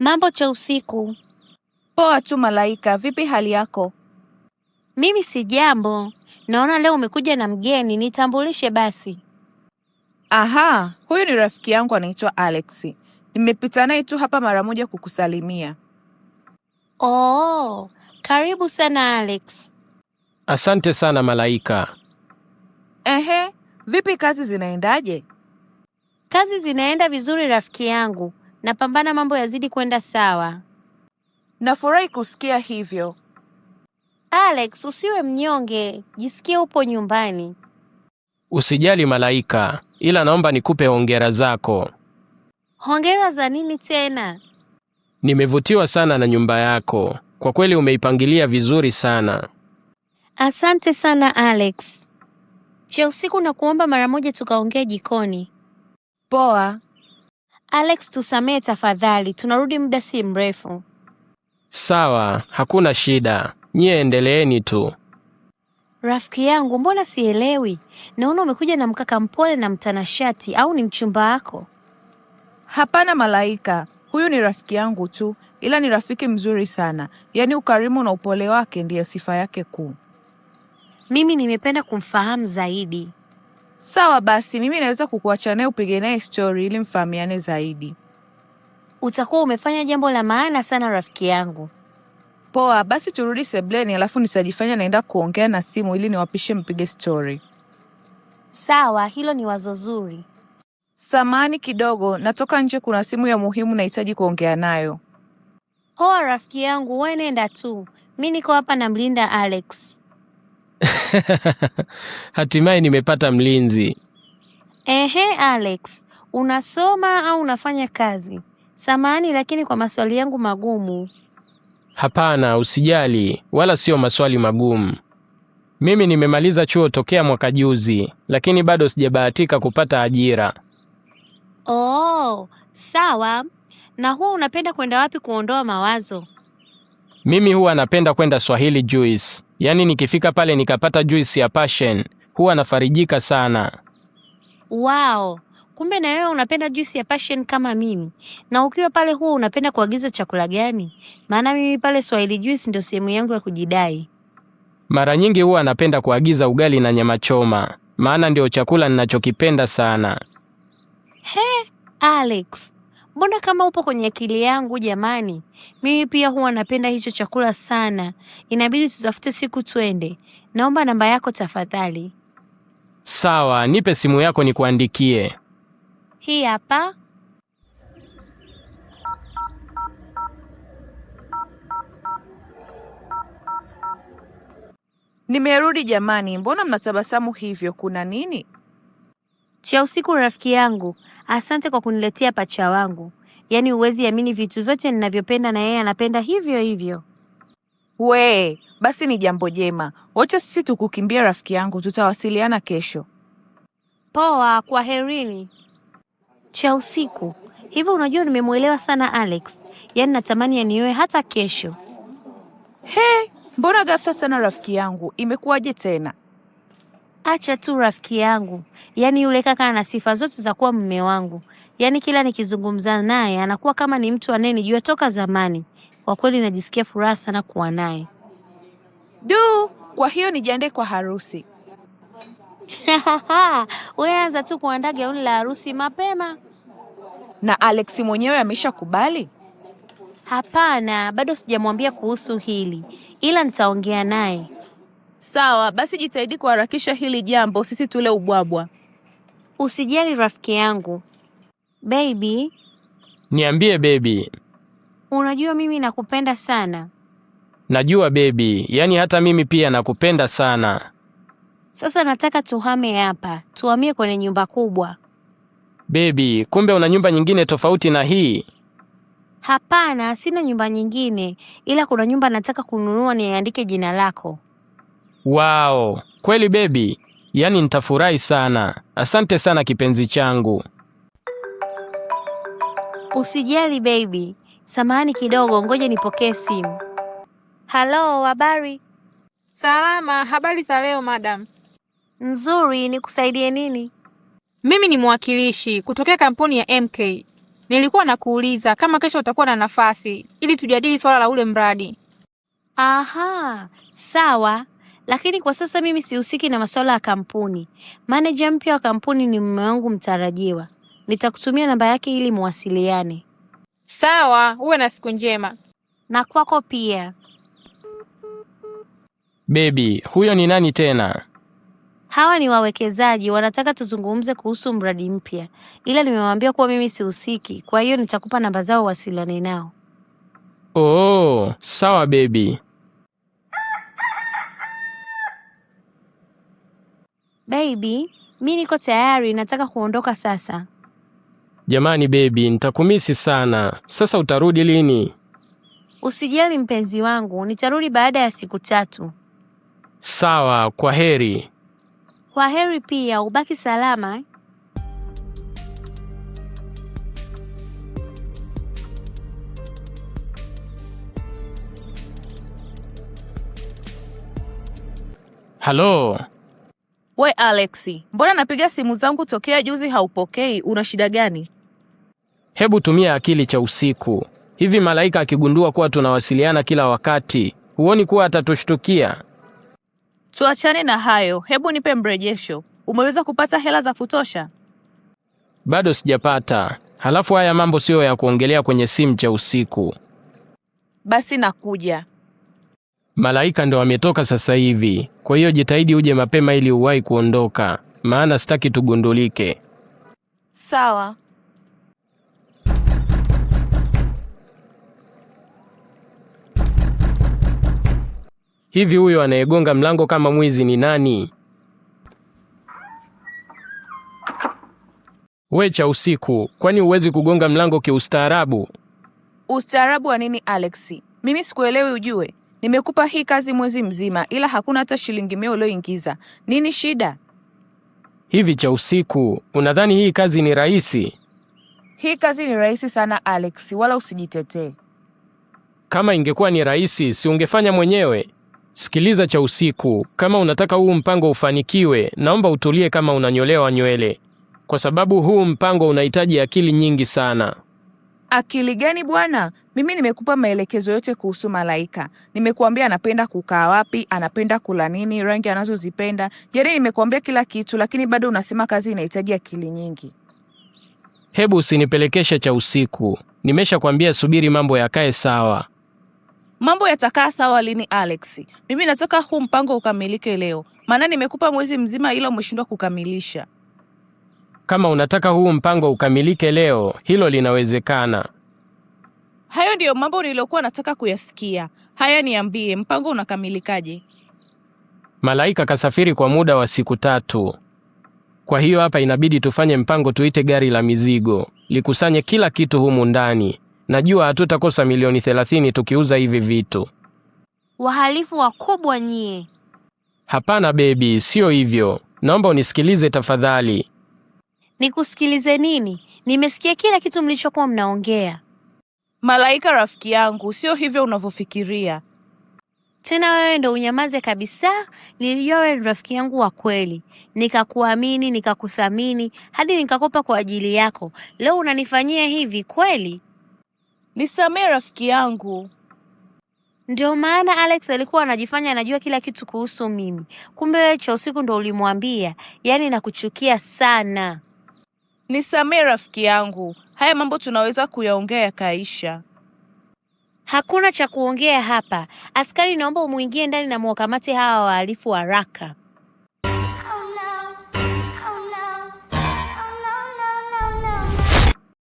Mambo cha usiku. Poa tu Malaika, vipi hali yako? Mimi si jambo. Naona leo umekuja na mgeni, nitambulishe basi. Aha, huyu ni rafiki yangu anaitwa Alex. Nimepita naye tu hapa mara moja kukusalimia. Oh, karibu sana Alex. Asante sana Malaika. Ehe, vipi kazi zinaendaje? Kazi zinaenda vizuri rafiki yangu, Napambana mambo yazidi kwenda sawa. Nafurahi kusikia hivyo. Alex, usiwe mnyonge, jisikie upo nyumbani. Usijali Malaika, ila naomba nikupe hongera zako. Hongera za nini tena? Nimevutiwa sana na nyumba yako, kwa kweli umeipangilia vizuri sana. Asante sana Alex. Cha usiku na kuomba mara moja tukaongee jikoni. Poa. Alex, tusamee tafadhali, tunarudi muda si mrefu. Sawa, hakuna shida, nyie endeleeni tu. Rafiki yangu, mbona sielewi? Naona umekuja na mkaka mpole na mtanashati, au ni mchumba wako? Hapana Malaika, huyu ni rafiki yangu tu, ila ni rafiki mzuri sana, yaani ukarimu na upole wake ndiyo sifa yake kuu. Mimi nimependa kumfahamu zaidi. Sawa basi, mimi naweza kukuacha naye upige naye stori ili mfahamiane zaidi. Utakuwa umefanya jambo la maana sana rafiki yangu. Poa, basi turudi sebleni, alafu nitajifanya naenda kuongea na simu ili niwapishe mpige stori. Sawa, hilo ni wazo zuri. Samani kidogo, natoka nje, kuna simu ya muhimu nahitaji kuongea nayo. Poa rafiki yangu, wewe nenda tu, mi niko hapa na mlinda Alex. Hatimaye nimepata mlinzi. Ehe, Alex, unasoma au unafanya kazi? samani lakini kwa maswali yangu magumu. Hapana, usijali, wala sio maswali magumu. Mimi nimemaliza chuo tokea mwaka juzi, lakini bado sijabahatika kupata ajira. Oh, sawa. Na huwa unapenda kwenda wapi kuondoa mawazo? Mimi huwa napenda kwenda Swahili Juice. Yaani nikifika pale nikapata juice ya passion huwa nafarijika sana. Wow, kumbe na wewe unapenda juice ya passion kama mimi. Na ukiwa pale huwa unapenda kuagiza chakula gani? Maana mimi pale Swahili juice ndio sehemu yangu ya kujidai. Mara nyingi huwa napenda kuagiza ugali na nyama choma, maana ndio chakula ninachokipenda sana. He, Alex, Mbona kama upo kwenye akili yangu jamani? Mimi pia huwa napenda hicho chakula sana. Inabidi tutafute siku twende. Naomba namba yako tafadhali. Sawa, nipe simu yako nikuandikie. Hii hapa. Nimerudi jamani, mbona mnatabasamu hivyo? Kuna nini? Cha usiku rafiki yangu, Asante kwa kuniletea pacha wangu. Yaani huwezi amini vitu vyote ninavyopenda na yeye anapenda hivyo hivyo. We, basi ni jambo jema. Wacha sisi tukukimbia rafiki yangu, tutawasiliana kesho. Poa, kwa herini. Cha usiku. Hivyo unajua nimemwelewa sana Alex. Yaani natamani anioe hata kesho. He, mbona ghafla sana rafiki yangu? Imekuwaje tena? acha tu rafiki yangu. Yaani yule kaka ana sifa zote za kuwa mume wangu, yaani kila nikizungumza naye anakuwa kama ni mtu anayenijua toka zamani. Kwa kweli najisikia furaha sana kuwa naye. Du, kwa hiyo nijiandae kwa harusi? Wewe anza tu kuandaa gauni la harusi mapema. Na Alex mwenyewe ameshakubali? Hapana, bado sijamwambia kuhusu hili, ila nitaongea naye. Sawa basi, jitahidi kuharakisha hili jambo, sisi tule ubwabwa. Usijali rafiki yangu. Baby, niambie baby. Unajua mimi nakupenda sana. Najua baby, yaani hata mimi pia nakupenda sana. Sasa nataka tuhame hapa, tuhamie kwenye nyumba kubwa. Baby, kumbe una nyumba nyingine tofauti na hii? Hapana, sina nyumba nyingine, ila kuna nyumba nataka kununua niandike jina lako. Wow, kweli bebi, yaani nitafurahi sana. Asante sana kipenzi changu. Usijali bebi, samahani kidogo, ngoja nipokee simu. Halo, habari? Salama. Habari za leo madam? Nzuri, nikusaidie nini? Mimi ni mwakilishi kutokea kampuni ya MK. Nilikuwa nakuuliza kama kesho utakuwa na nafasi ili tujadili swala la ule mradi. Aha, sawa lakini kwa sasa mimi sihusiki na masuala ya kampuni. Maneja mpya wa kampuni ni mume wangu mtarajiwa. Nitakutumia namba yake ili muwasiliane. Sawa, uwe na siku njema. Na kwako pia. Bebi, huyo ni nani tena? Hawa ni wawekezaji, wanataka tuzungumze kuhusu mradi mpya, ila nimewaambia kuwa mimi sihusiki, kwa hiyo nitakupa namba zao, wasiliane nao. Oh, sawa bebi. Baby, mi niko tayari, nataka kuondoka sasa. Jamani baby, nitakumisi sana. Sasa utarudi lini? Usijali mpenzi wangu, nitarudi baada ya siku tatu. Sawa, kwa heri. Kwa heri pia, ubaki salama. Halo. We Alexi, mbona napiga simu zangu tokea juzi haupokei? Una shida gani? Hebu tumia akili cha usiku. Hivi Malaika akigundua kuwa tunawasiliana kila wakati, huoni kuwa atatushtukia? Tuachane na hayo, hebu nipe mrejesho. Umeweza kupata hela za kutosha? Bado sijapata. Halafu haya mambo siyo ya kuongelea kwenye simu cha usiku. Basi nakuja. Malaika ndo ametoka sasa hivi, kwa hiyo jitahidi uje mapema ili uwahi kuondoka, maana sitaki tugundulike. Sawa. Hivi huyo anayegonga mlango kama mwizi ni nani? We cha usiku, kwani huwezi kugonga mlango kiustaarabu? Ustaarabu wa nini Alexi? Mimi sikuelewi ujue. Nimekupa hii kazi mwezi mzima, ila hakuna hata shilingi mia ulioingiza. Nini shida? Hivi cha usiku, unadhani hii kazi ni rahisi? Hii kazi ni rahisi sana Alex, wala usijitetee. Kama ingekuwa ni rahisi, si ungefanya mwenyewe? Sikiliza cha usiku, kama unataka huu mpango ufanikiwe, naomba utulie kama unanyolewa nywele, kwa sababu huu mpango unahitaji akili nyingi sana. Akili gani bwana? Mimi nimekupa maelekezo yote kuhusu Malaika. Nimekuambia anapenda kukaa wapi, anapenda kula nini, rangi anazozipenda. Yaani nimekuambia kila kitu, lakini bado unasema kazi inahitaji akili nyingi. Hebu usinipelekesha cha usiku. Nimeshakwambia subiri mambo yakae sawa. Mambo yatakaa sawa lini, Alex? Mimi nataka huu mpango ukamilike leo, maana nimekupa mwezi mzima ila umeshindwa kukamilisha. Kama unataka huu mpango ukamilike leo, hilo linawezekana. Hayo ndiyo mambo niliyokuwa nataka kuyasikia. Haya, niambie, mpango unakamilikaje? Malaika kasafiri kwa muda wa siku tatu. Kwa hiyo hapa inabidi tufanye mpango, tuite gari la mizigo likusanye kila kitu humu ndani. Najua hatutakosa milioni thelathini tukiuza hivi vitu. Wahalifu wakubwa nyie! Hapana bebi, siyo hivyo. Naomba unisikilize tafadhali nikusikilize nini? Nimesikia kila kitu mlichokuwa mnaongea. Malaika rafiki yangu, sio hivyo unavyofikiria. Tena wewe ndo unyamaze kabisa. Nilijua wewe ni rafiki yangu wa kweli, nikakuamini, nikakuthamini hadi nikakopa kwa ajili yako. Leo unanifanyia hivi kweli? Nisamee rafiki yangu. Ndio maana Alex alikuwa anajifanya anajua kila kitu kuhusu mimi, kumbe wewe cha usiku ndo ulimwambia. Yaani nakuchukia sana. Nisamee rafiki yangu, haya mambo tunaweza kuyaongea yakaisha. Hakuna cha kuongea hapa. Askari, naomba umwingie ndani na mwakamate hawa wahalifu haraka.